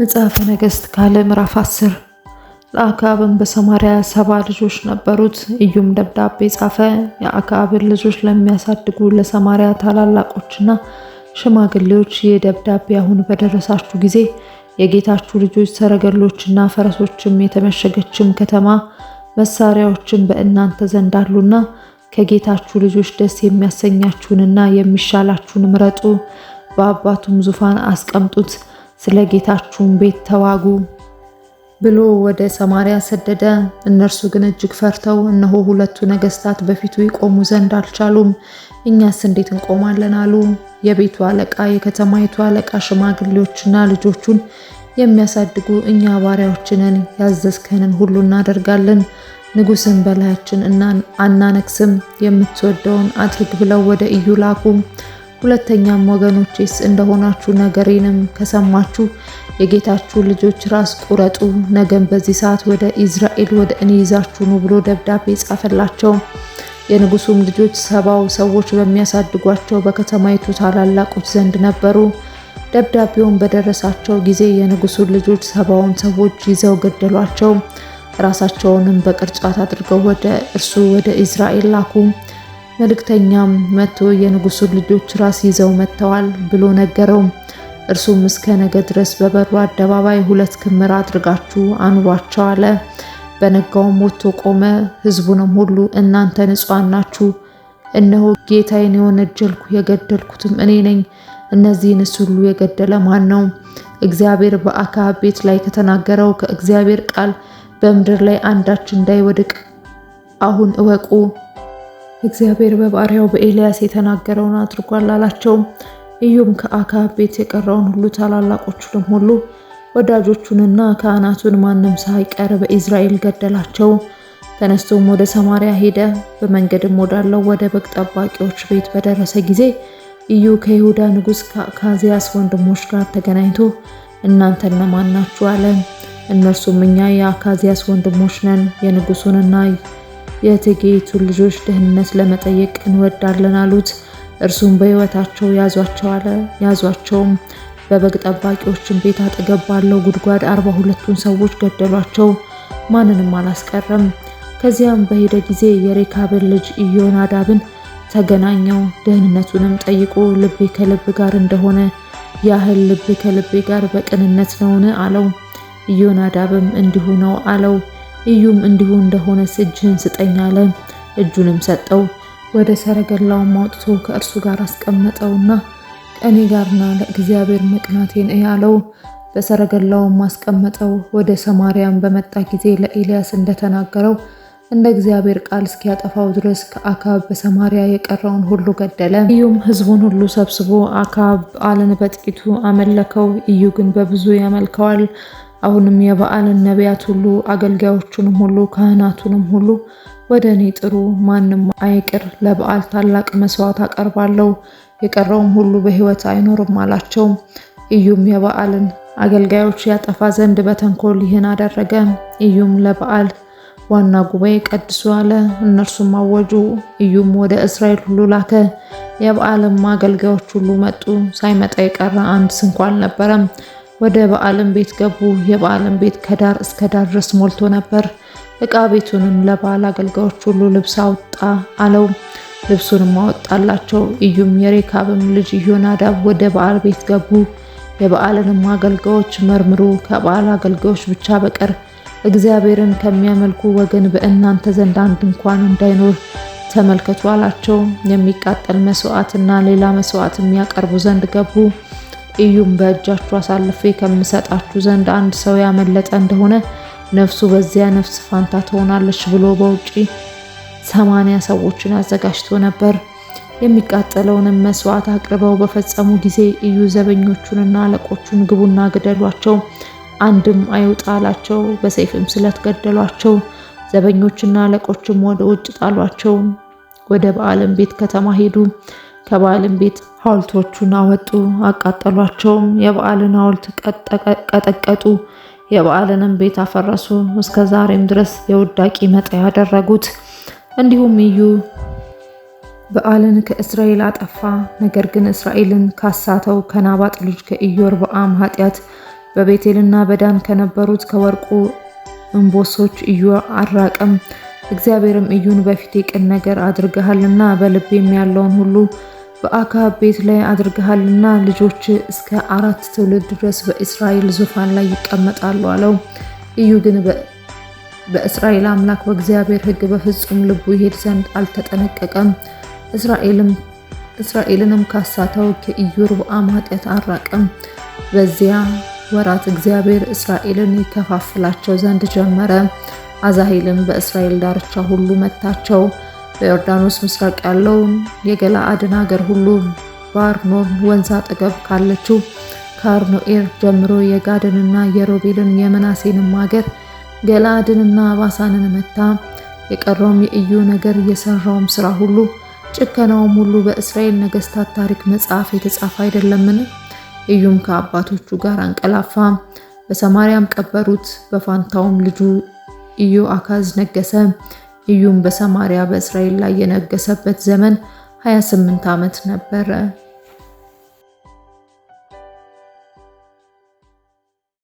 መጽሐፈ ነገሥት ካልዕ ምዕራፍ 10 ለአክዓብም በሰማርያ ሰባ ልጆች ነበሩት። ኢዩም ደብዳቤ ጻፈ፣ የአክዓብን ልጆች ለሚያሳድጉ ለሰማርያ ታላላቆችና ሽማግሌዎች፣ ይህ ደብዳቤ አሁን በደረሳችሁ ጊዜ የጌታችሁ ልጆች ሰረገሎችና ፈረሶችም የተመሸገችም ከተማ መሳሪያዎችም በእናንተ ዘንድ አሉና ከጌታችሁ ልጆች ደስ የሚያሰኛችሁንና የሚሻላችሁን ምረጡ፣ በአባቱም ዙፋን አስቀምጡት ስለ ጌታችሁን ቤት ተዋጉ ብሎ ወደ ሰማሪያ ሰደደ። እነርሱ ግን እጅግ ፈርተው እነሆ ሁለቱ ነገስታት በፊቱ ይቆሙ ዘንድ አልቻሉም፣ እኛስ እንዴት እንቆማለን አሉ። የቤቱ አለቃ፣ የከተማይቱ አለቃ፣ ሽማግሌዎችና ልጆቹን የሚያሳድጉ እኛ ባሪያዎችንን ያዘዝከንን ሁሉ እናደርጋለን፣ ንጉስን በላያችን አናነግስም፣ የምትወደውን አድርግ ብለው ወደ እዩ ላኩ። ሁለተኛም ወገኖቼስ እንደሆናችሁ ነገሬንም ከሰማችሁ የጌታችሁ ልጆች ራስ ቁረጡ፣ ነገም በዚህ ሰዓት ወደ ኢዝራኤል ወደ እኔ ይዛችሁ ኑ ብሎ ደብዳቤ ጻፈላቸው። የንጉሱም ልጆች ሰባው ሰዎች በሚያሳድጓቸው በከተማይቱ ታላላቆች ዘንድ ነበሩ። ደብዳቤውን በደረሳቸው ጊዜ የንጉሱን ልጆች ሰባውን ሰዎች ይዘው ገደሏቸው። ራሳቸውንም በቅርጫት አድርገው ወደ እርሱ ወደ ኢዝራኤል ላኩ። መልእክተኛም መጥቶ የንጉሱን ልጆች ራስ ይዘው መጥተዋል ብሎ ነገረው። እርሱም እስከ ነገ ድረስ በበሩ አደባባይ ሁለት ክምር አድርጋችሁ አኑሯቸው አለ። በነጋውም ወጥቶ ቆመ። ህዝቡንም ሁሉ እናንተ ንጹሐን ናችሁ፣ እነሆ ጌታዬን የወነጀልኩ የገደልኩትም እኔ ነኝ። እነዚህንስ ሁሉ የገደለ ማን ነው? እግዚአብሔር በአክዓብ ቤት ላይ ከተናገረው ከእግዚአብሔር ቃል በምድር ላይ አንዳች እንዳይወድቅ አሁን እወቁ። እግዚአብሔር በባሪያው በኤልያስ የተናገረውን አድርጓል አላቸውም። ኢዩም ከአካብ ቤት የቀረውን ሁሉ ታላላቆቹንም ሁሉ ወዳጆቹንና ካህናቱን ማንም ሳይቀር በኢዝራኤል ገደላቸው። ተነስቶም ወደ ሰማሪያ ሄደ። በመንገድም ወዳለው ወደ በግ ጠባቂዎች ቤት በደረሰ ጊዜ ኢዩ ከይሁዳ ንጉሥ ከአካዝያስ ወንድሞች ጋር ተገናኝቶ እናንተ እነማን ናችሁ? አለ። እነርሱም እኛ የአካዝያስ ወንድሞች ነን፣ የንጉሱንና የእቴጌይቱን ልጆች ደህንነት ለመጠየቅ እንወዳለን አሉት። እርሱም በሕይወታቸው ያዟቸው አለ። ያዟቸውም በበግ ጠባቂዎችን ቤት አጠገብ ባለው ጉድጓድ አርባ ሁለቱን ሰዎች ገደሏቸው። ማንንም አላስቀረም። ከዚያም በሄደ ጊዜ የሬካብን ልጅ ኢዮናዳብን ተገናኘው። ደህንነቱንም ጠይቆ ልቤ ከልብ ጋር እንደሆነ ያህል ልቤ ከልቤ ጋር በቅንነት ነውን? አለው። ኢዮናዳብም እንዲሁ ነው አለው። እዩም እንዲሁ እንደሆነስ እጅህን ስጠኝ አለ። እጁንም ሰጠው። ወደ ሰረገላውም አውጥቶ ከእርሱ ጋር አስቀመጠውና ከእኔ ጋርና ለእግዚአብሔር መቅናቴን እያለው በሰረገላውም አስቀመጠው። ወደ ሰማርያም በመጣ ጊዜ ለኤልያስ እንደተናገረው እንደ እግዚአብሔር ቃል እስኪያጠፋው ድረስ ከአካብ በሰማርያ የቀረውን ሁሉ ገደለ። እዩም ህዝቡን ሁሉ ሰብስቦ አካብ በኣልን በጥቂቱ አመለከው፣ እዩ ግን በብዙ ያመልከዋል። አሁንም የበዓልን ነቢያት ሁሉ አገልጋዮቹንም ሁሉ ካህናቱንም ሁሉ ወደ እኔ ጥሩ፣ ማንም አይቅር፣ ለበዓል ታላቅ መስዋዕት አቀርባለሁ፣ የቀረውም ሁሉ በሕይወት አይኖርም አላቸው። ኢዩም የበዓልን አገልጋዮች ያጠፋ ዘንድ በተንኮል ይህን አደረገ። ኢዩም ለበዓል ዋና ጉባኤ ቀድሱ አለ። እነርሱም አወጁ። ኢዩም ወደ እስራኤል ሁሉ ላከ። የበዓልም አገልጋዮች ሁሉ መጡ፣ ሳይመጣ የቀረ አንድ ስንኳ አልነበረም። ወደ በዓልም ቤት ገቡ። የበዓልም ቤት ከዳር እስከ ዳር ድረስ ሞልቶ ነበር። እቃ ቤቱንም ለበዓል አገልጋዮች ሁሉ ልብስ አውጣ አለው። ልብሱንም አወጣላቸው። እዩም የሬካብም ልጅ ዮናዳብ ወደ በዓል ቤት ገቡ። የበዓልንም አገልጋዮች መርምሩ፣ ከበዓል አገልጋዮች ብቻ በቀር እግዚአብሔርን ከሚያመልኩ ወገን በእናንተ ዘንድ አንድ እንኳን እንዳይኖር ተመልከቱ አላቸው። የሚቃጠል መስዋዕትና ሌላ መስዋዕት የሚያቀርቡ ዘንድ ገቡ። ኢዩም በእጃችሁ አሳልፌ ከምሰጣችሁ ዘንድ አንድ ሰው ያመለጠ እንደሆነ ነፍሱ በዚያ ነፍስ ፋንታ ትሆናለች ብሎ በውጪ ሰማንያ ሰዎችን አዘጋጅቶ ነበር። የሚቃጠለውንም መስዋዕት አቅርበው በፈጸሙ ጊዜ ኢዩ ዘበኞቹንና አለቆቹን ግቡና ግደሏቸው፣ አንድም አይውጣላቸው፣ በሰይፍም ስለት ገደሏቸው። ዘበኞችና አለቆችም ወደ ውጭ ጣሏቸው። ወደ በዓልም ቤት ከተማ ሄዱ። ከበዓልም ቤት ሐውልቶቹን አወጡ፣ አቃጠሏቸውም። የበዓልን ሐውልት ቀጠቀጡ፣ የበዓልንም ቤት አፈረሱ። እስከ ዛሬም ድረስ የውዳቂ መጣያ ያደረጉት። እንዲሁም ኢዩ በዓልን ከእስራኤል አጠፋ። ነገር ግን እስራኤልን ካሳተው ከናባጥ ልጅ ከኢዮርብዓም ኃጢአት በቤቴልና በዳን ከነበሩት ከወርቁ እንቦሶች ኢዩ አራቀም እግዚአብሔርም እዩን በፊቴ ቅን ነገር አድርገሃልና በልቤም ያለውን ሁሉ በአካብ ቤት ላይ አድርገሃልና ልጆች እስከ አራት ትውልድ ድረስ በእስራኤል ዙፋን ላይ ይቀመጣሉ አለው። እዩ ግን በእስራኤል አምላክ በእግዚአብሔር ሕግ በፍጹም ልቡ ይሄድ ዘንድ አልተጠነቀቀም። እስራኤልንም ካሳተው ከኢዮርብዓም ኃጢአት አራቀም። በዚያ ወራት እግዚአብሔር እስራኤልን ይከፋፍላቸው ዘንድ ጀመረ። አዛሄልን በእስራኤል ዳርቻ ሁሉ መታቸው። በዮርዳኖስ ምስራቅ ያለውን የገላአድን አገር ሁሉ በአርኖን ወንዝ አጠገብ ካለችው ከአርኖኤር ጀምሮ የጋድንና የሮቤልን የመናሴንም አገር ገላአድንና ባሳንን መታ። የቀረውም የኢዩ ነገር የሰራውም ስራ ሁሉ ጭከናውም ሁሉ በእስራኤል ነገስታት ታሪክ መጽሐፍ የተጻፈ አይደለምን? ኢዩም ከአባቶቹ ጋር አንቀላፋ፣ በሰማርያም ቀበሩት። በፋንታውም ልጁ ኢዩ አካዝ ነገሰ። ኢዩም በሰማሪያ በእስራኤል ላይ የነገሰበት ዘመን 28 ዓመት ነበረ።